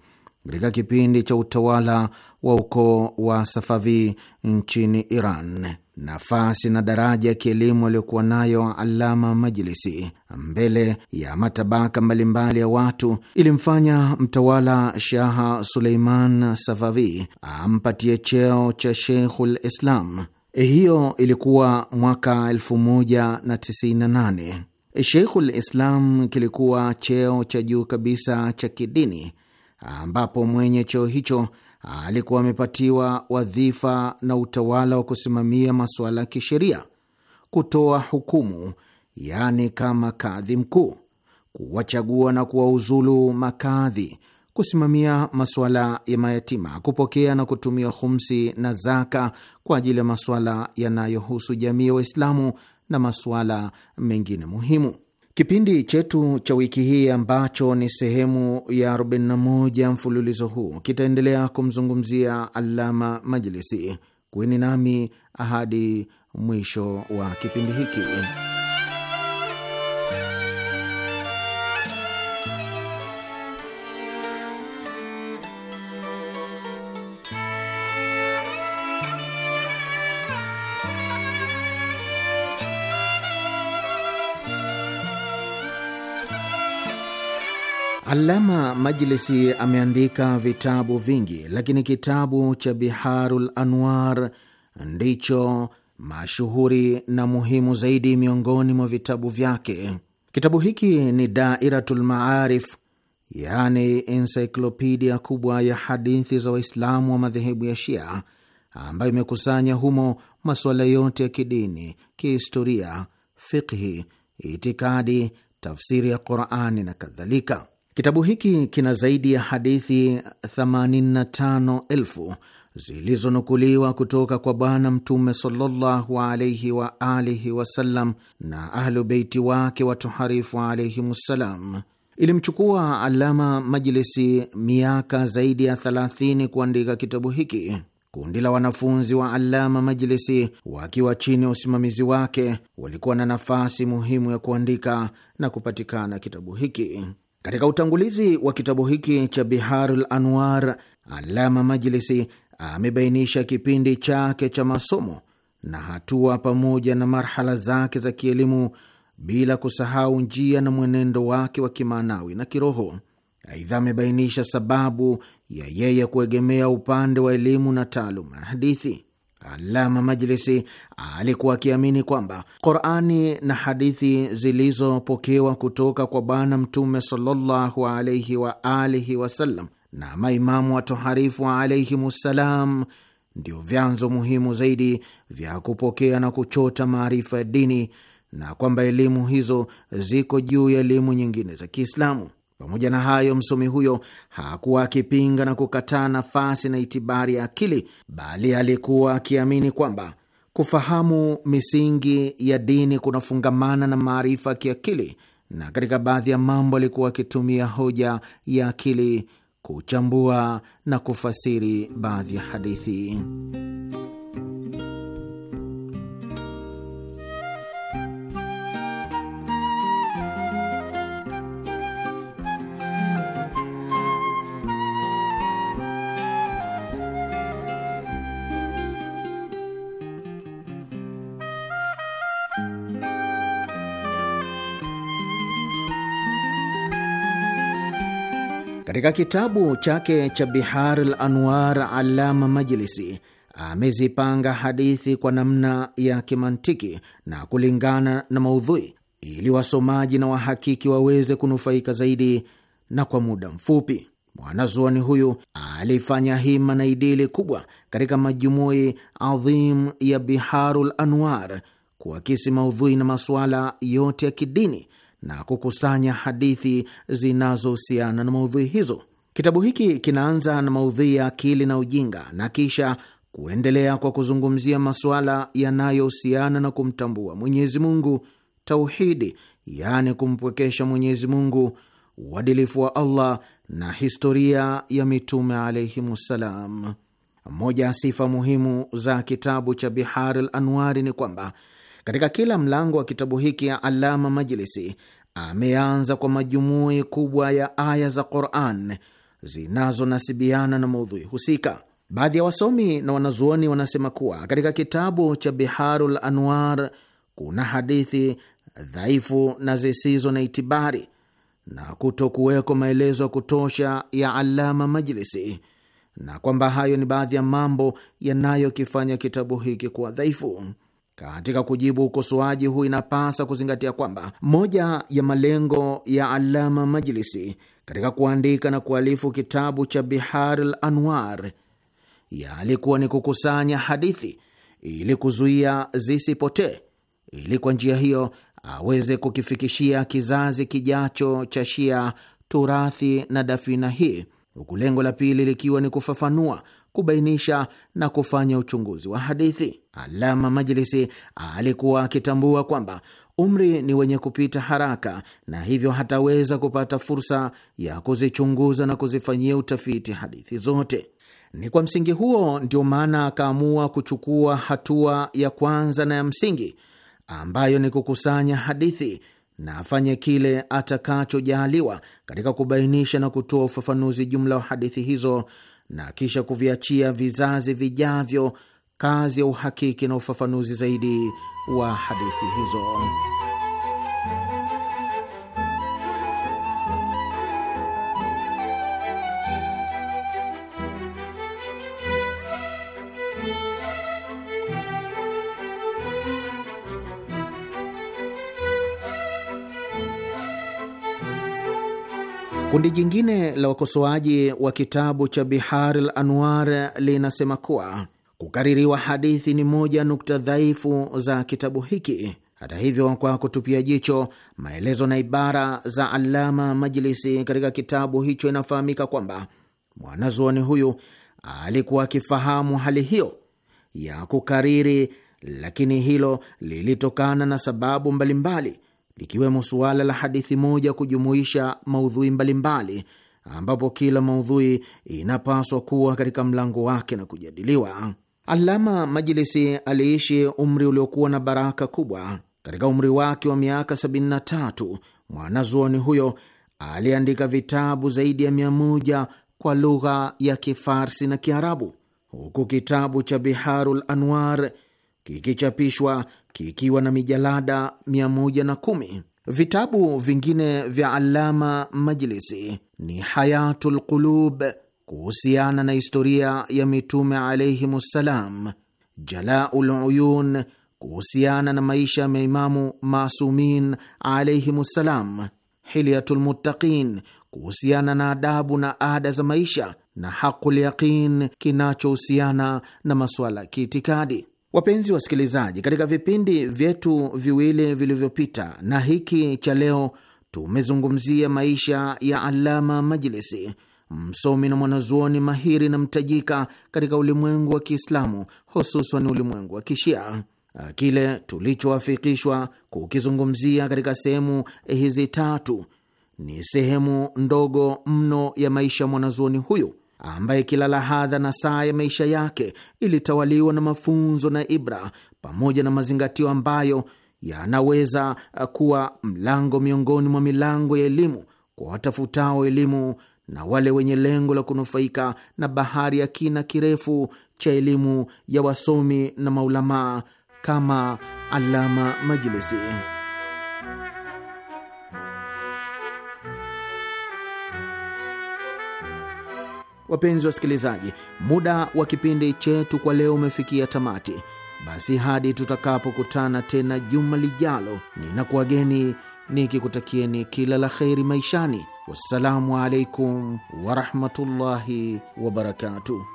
S5: katika kipindi cha utawala wa ukoo wa Safavi nchini Iran. Nafasi na daraja ya kielimu aliyokuwa nayo Alama Majlisi mbele ya matabaka mbalimbali ya watu ilimfanya mtawala Shaha Suleiman Safavi ampatie cheo cha Sheikhul Islam. E, hiyo ilikuwa mwaka 1998. E, Sheikhul Islam kilikuwa cheo cha juu kabisa cha kidini, ambapo mwenye cheo hicho alikuwa amepatiwa wadhifa na utawala wa kusimamia masuala ya kisheria, kutoa hukumu, yaani kama kadhi mkuu, kuwachagua na kuwauzulu makadhi kusimamia masuala ya mayatima, kupokea na kutumia khumsi na zaka kwa ajili ya masuala yanayohusu jamii ya Waislamu na masuala mengine muhimu. Kipindi chetu cha wiki hii ambacho ni sehemu ya 41 ya mfululizo huu kitaendelea kumzungumzia Allama Majlisi. Kuweni nami ahadi mwisho wa kipindi hiki. Alama Majlisi ameandika vitabu vingi, lakini kitabu cha Biharul Anwar ndicho mashuhuri na muhimu zaidi miongoni mwa vitabu vyake. Kitabu hiki ni Dairatul Maarif, yaani ensiklopedia kubwa ya hadithi za Waislamu wa madhehebu ya Shia, ambayo imekusanya humo masuala yote ya kidini, kihistoria, fikhi, itikadi, tafsiri ya Qurani na kadhalika. Kitabu hiki kina zaidi ya hadithi 85,000 zilizonukuliwa kutoka kwa Bwana Mtume sallallahu alaihi wa alihi wasallam na Ahlu Beiti wake watoharifu alaihimussalam. Ilimchukua Alama Majlisi miaka zaidi ya 30 kuandika kitabu hiki. Kundi la wanafunzi wa Alama Majlisi wakiwa chini ya usimamizi wake walikuwa na nafasi muhimu ya kuandika na kupatikana kitabu hiki. Katika utangulizi wa kitabu hiki cha Biharul Anwar, Alama Majlisi amebainisha kipindi chake cha masomo na hatua pamoja na marhala zake za kielimu, bila kusahau njia na mwenendo wake wa kimaanawi na kiroho. Aidha, amebainisha sababu ya yeye kuegemea upande wa elimu na taaluma ya hadithi. Alama Majlisi alikuwa akiamini kwamba Qurani na hadithi zilizopokewa kutoka kwa Bwana Mtume sallallahu alaihi wa alihi wasallam na maimamu watoharifu alaihimussalam ndio vyanzo muhimu zaidi vya kupokea na kuchota maarifa ya dini na kwamba elimu hizo ziko juu ya elimu nyingine za Kiislamu. Pamoja na hayo, msomi huyo hakuwa akipinga na kukataa nafasi na itibari ya akili, bali alikuwa akiamini kwamba kufahamu misingi ya dini kunafungamana na maarifa ya kiakili, na katika baadhi ya mambo alikuwa akitumia hoja ya akili kuchambua na kufasiri baadhi ya hadithi. Katika kitabu chake cha Bihar al Anwar, Alama Majlisi amezipanga hadithi kwa namna ya kimantiki na kulingana na maudhui ili wasomaji na wahakiki waweze kunufaika zaidi na kwa muda mfupi. Mwanazuoni huyu alifanya hima na idili kubwa katika majumui adhim ya Biharul Anwar kuakisi maudhui na masuala yote ya kidini na kukusanya hadithi zinazohusiana na maudhui hizo. Kitabu hiki kinaanza na maudhui ya akili na ujinga na kisha kuendelea kwa kuzungumzia masuala yanayohusiana na kumtambua Mwenyezi Mungu, tauhidi, yaani kumpwekesha Mwenyezi Mungu, uadilifu wa Allah na historia ya mitume ssalam. Moja ya sifa muhimu za kitabu cha Bihar al Anwari ni kwamba katika kila mlango wa kitabu hiki ya Alama Majlisi ameanza kwa majumui kubwa ya aya za Quran zinazonasibiana na maudhui husika. Baadhi ya wasomi na wanazuoni wanasema kuwa katika kitabu cha Biharul Anwar kuna hadithi dhaifu na zisizo na itibari na kutokuweko maelezo ya kutosha ya Alama Majlisi, na kwamba hayo ni baadhi ya mambo yanayokifanya kitabu hiki kuwa dhaifu. Katika kujibu ukosoaji huu, inapasa kuzingatia kwamba moja ya malengo ya Alama Majlisi katika kuandika na kualifu kitabu cha Bihar al Anwar yalikuwa ni kukusanya hadithi ili kuzuia zisipotee, ili kwa njia hiyo aweze kukifikishia kizazi kijacho cha Shia turathi na dafina hii, huku lengo la pili likiwa ni kufafanua kubainisha na kufanya uchunguzi wa hadithi. Alama Majlisi alikuwa akitambua kwamba umri ni wenye kupita haraka na hivyo hataweza kupata fursa ya kuzichunguza na kuzifanyia utafiti hadithi zote. Ni kwa msingi huo ndio maana akaamua kuchukua hatua ya kwanza na ya msingi ambayo ni kukusanya hadithi na afanye kile atakachojaaliwa katika kubainisha na kutoa ufafanuzi jumla wa hadithi hizo na kisha kuviachia vizazi vijavyo kazi ya uhakiki na ufafanuzi zaidi wa hadithi hizo. Kundi jingine la wakosoaji wa kitabu cha Bihar al Anwar linasema kuwa kukaririwa hadithi ni moja nukta dhaifu za kitabu hiki. Hata hivyo, kwa kutupia jicho maelezo na ibara za Alama Majlisi katika kitabu hicho, inafahamika kwamba mwanazuoni huyu alikuwa akifahamu hali hiyo ya kukariri, lakini hilo lilitokana na sababu mbalimbali likiwemo suala la hadithi moja kujumuisha maudhui mbalimbali mbali, ambapo kila maudhui inapaswa kuwa katika mlango wake na kujadiliwa. Alama Majlisi aliishi umri uliokuwa na baraka kubwa. Katika umri wake wa miaka 73 mwanazuoni huyo aliandika vitabu zaidi ya mia moja kwa lugha ya Kifarsi na Kiarabu, huku kitabu cha Biharul Anwar kikichapishwa kikiwa na mijalada 110. Vitabu vingine vya alama Majlisi ni Hayatul Qulub kuhusiana na historia ya mitume alaihimussalam, Jalaul Uyun kuhusiana na maisha ya maimamu masumin alaihimussalam, Hilyatul Muttaqin kuhusiana na adabu na ada za maisha, na Haqul Yaqin kinachohusiana na masuala ya kiitikadi. Wapenzi wasikilizaji, katika vipindi vyetu viwili vilivyopita na hiki cha leo tumezungumzia maisha ya Alama Majlisi, msomi na mwanazuoni mahiri na mtajika katika ulimwengu wa Kiislamu, hususan ulimwengu wa Kishia. Kile tulichoafikishwa kukizungumzia katika sehemu hizi tatu ni sehemu ndogo mno ya maisha ya mwanazuoni huyu ambaye kila lahadha na saa ya maisha yake ilitawaliwa na mafunzo na ibra pamoja na mazingatio ambayo yanaweza kuwa mlango miongoni mwa milango ya elimu kwa watafutao elimu na wale wenye lengo la kunufaika na bahari ya kina kirefu cha elimu ya wasomi na maulamaa kama Alama Majlisi. Wapenzi wasikilizaji, muda wa kipindi chetu kwa leo umefikia tamati. Basi hadi tutakapokutana tena juma lijalo, ninakuwageni nikikutakieni kila la kheri maishani. Wassalamu alaikum warahmatullahi wabarakatuh.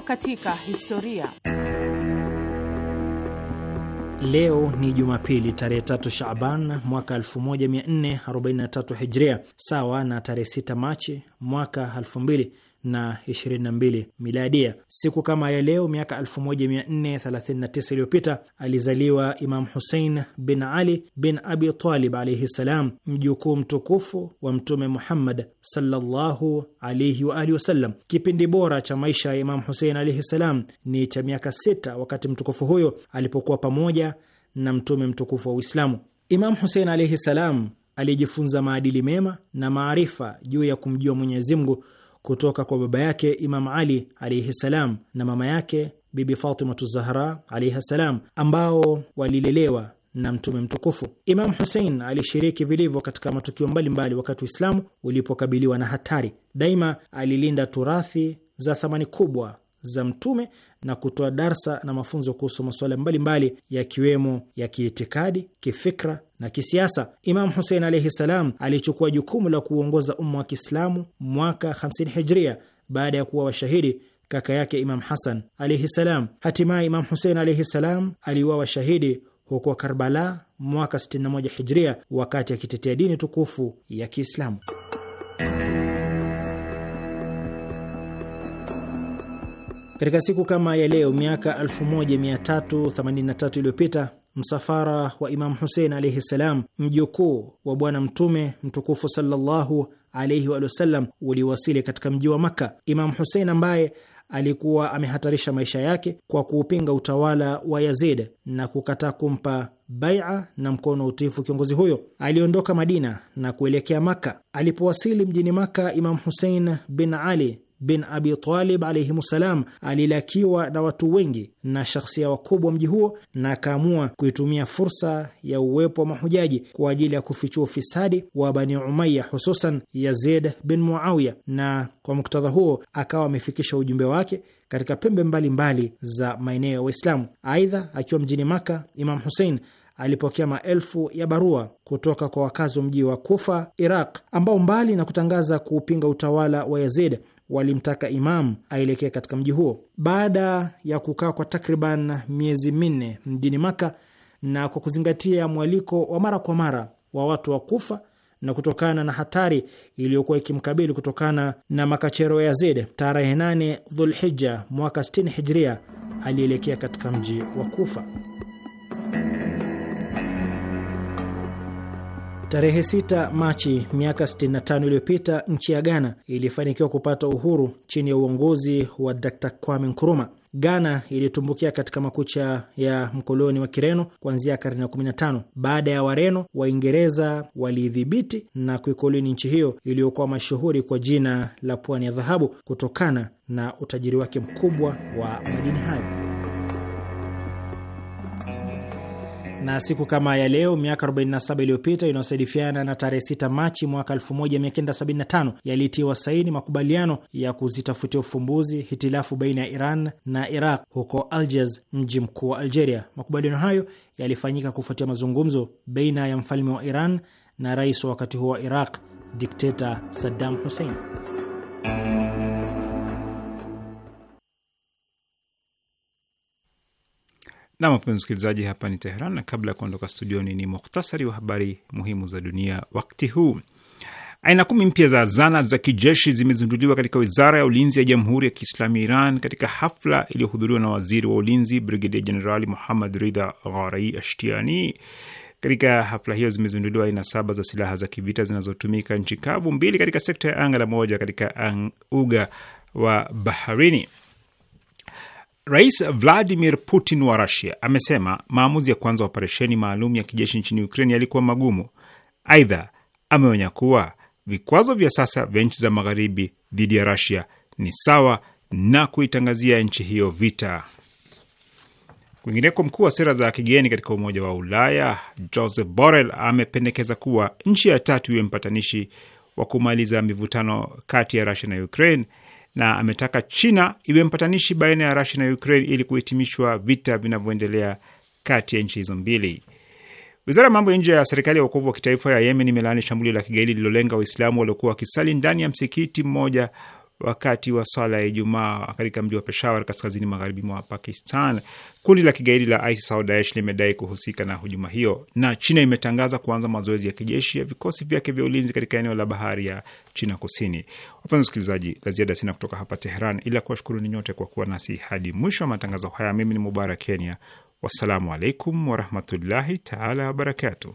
S6: katika historia.
S7: Leo ni Jumapili tarehe tatu Shaban mwaka 1443 Hijria, sawa na tarehe 6 Machi mwaka 2000 na 22 miladia. Siku kama ya leo miaka 1439 iliyopita alizaliwa Imam Husein bin Ali bin Abi Talib alaihi ssalam, mjukuu mtukufu wa Mtume Muhammad sallallahu alaihi wa alihi wasallam. Kipindi bora cha maisha ya Imam Husein alaihi ssalam ni cha miaka sita, wakati mtukufu huyo alipokuwa pamoja na mtume mtukufu wa Uislamu. Imam Husein alaihi ssalam alijifunza maadili mema na maarifa juu ya kumjua Mwenyezi Mungu kutoka kwa baba yake Imam Ali alaihi salam na mama yake Bibi Fatimatu Zahra alaihi salam, ambao walilelewa na mtume mtukufu. Imam Husein alishiriki vilivyo katika matukio mbalimbali wakati Uislamu ulipokabiliwa na hatari. Daima alilinda turathi za thamani kubwa za mtume na kutoa darsa na mafunzo kuhusu masuala mbalimbali yakiwemo ya kiitikadi, kifikra na kisiasa. Imam Husein alaihi salam alichukua jukumu la kuuongoza umma wa Kiislamu mwaka 50 hijria baada ya kuwa washahidi kaka yake Imam Hasan alaihi salam. Hatimaye Imam Husein alaihi salam aliuawa washahidi huko Karbala mwaka 61 hijria wakati akitetea dini tukufu ya Kiislamu. Katika siku kama ya leo miaka 1383 iliyopita msafara wa Imamu Husein alaihi ssalam, mjukuu wa Bwana Mtume mtukufu sallallahu alaihi wa sallam, uliwasili katika mji wa Makka. Imamu Husein ambaye alikuwa amehatarisha maisha yake kwa kuupinga utawala wa Yazid na kukataa kumpa baia na mkono wa utiifu kiongozi huyo, aliondoka Madina na kuelekea Makka. Alipowasili mjini Makka, Imamu Husein bin Ali bin Abi Talib alaihim ssalam alilakiwa na watu wengi na shakhsia wakubwa mji huo, na akaamua kuitumia fursa ya uwepo wa mahujaji kwa ajili ya kufichua ufisadi wa Bani Umaya, hususan Yazid bin Muawiya, na kwa muktadha huo akawa amefikisha ujumbe wake katika pembe mbalimbali mbali za maeneo ya Waislamu. Aidha, akiwa mjini Maka, Imam husein alipokea maelfu ya barua kutoka kwa wakazi wa mji wa Kufa, Iraq, ambao mbali na kutangaza kuupinga utawala wa Yazid walimtaka Imam aelekee katika mji huo. Baada ya kukaa kwa takriban miezi minne mjini Maka na kwa kuzingatia mwaliko wa mara kwa mara wa watu wa Kufa na kutokana na hatari iliyokuwa ikimkabili kutokana na makachero ya Yazid, tarehe 8 Dhulhija mwaka 60 Hijria alielekea katika mji wa Kufa. Tarehe 6 Machi miaka 65 iliyopita nchi ya Ghana ilifanikiwa kupata uhuru chini ya uongozi wa Dr. Kwame Nkrumah. Ghana ilitumbukia katika makucha ya mkoloni wa Kireno kuanzia karne ya 15. Baada ya Wareno, Waingereza waliidhibiti na kuikoloni nchi hiyo iliyokuwa mashuhuri kwa jina la Pwani ya Dhahabu kutokana na utajiri wake mkubwa wa madini hayo. na siku kama ya leo miaka 47 iliyopita inayosaidifiana na tarehe 6 Machi mwaka 1975 yalitiwa saini makubaliano ya kuzitafutia ufumbuzi hitilafu baina ya Iran na Iraq huko Algiers, mji mkuu wa Algeria. Makubaliano hayo yalifanyika kufuatia mazungumzo baina ya mfalme wa Iran na rais wa wakati huo wa Iraq, dikteta Saddam Hussein.
S1: Na mapema msikilizaji, hapa ni Teheran, na kabla ya kuondoka studioni ni muhtasari wa habari muhimu za dunia wakati huu. Aina kumi mpya za zana za kijeshi zimezinduliwa katika wizara ya ulinzi ya Jamhuri ya Kiislamu ya Iran katika hafla iliyohudhuriwa na waziri wa ulinzi Brigedia Jenerali Muhammad Ridha Gharai Ashtiani. Katika hafla hiyo zimezinduliwa aina saba za silaha za kivita zinazotumika nchi kavu, mbili katika sekta ya anga na moja katika uga wa baharini. Rais Vladimir Putin wa Rusia amesema maamuzi ya kwanza operesheni maalum ya kijeshi nchini Ukraine yalikuwa magumu. Aidha, ameonya kuwa vikwazo vya sasa vya nchi za magharibi dhidi ya Rusia ni sawa na kuitangazia nchi hiyo vita. Kwingineko, mkuu wa sera za kigeni katika Umoja wa Ulaya Joseph Borrell amependekeza kuwa nchi ya tatu iwe mpatanishi wa kumaliza mivutano kati ya Rusia na Ukraine na ametaka China iwe mpatanishi baina ya Rusia na Ukraine ili kuhitimishwa vita vinavyoendelea kati ya nchi hizo mbili. Wizara ya mambo ya nje ya serikali ya wokovu wa kitaifa ya Yemen imelaani shambulio la kigaidi lililolenga Waislamu waliokuwa wakisali ndani ya msikiti mmoja wakati wa sala ya Ijumaa katika mji wa Peshawar kaskazini magharibi mwa Pakistan. Kundi la kigaidi la ISIS au Daesh limedai kuhusika na hujuma hiyo, na China imetangaza kuanza mazoezi ya kijeshi ya vikosi vyake vya ulinzi katika eneo la bahari ya China Kusini. Wapenzi wasikilizaji, la ziada sina kutoka hapa Teheran, ila kuwashukuruni nyote kwa kuwa nasi hadi mwisho wa matangazo haya. Mimi ni Mubarak Kenya, wassalamu alaikum warahmatullahi taala wabarakatuh.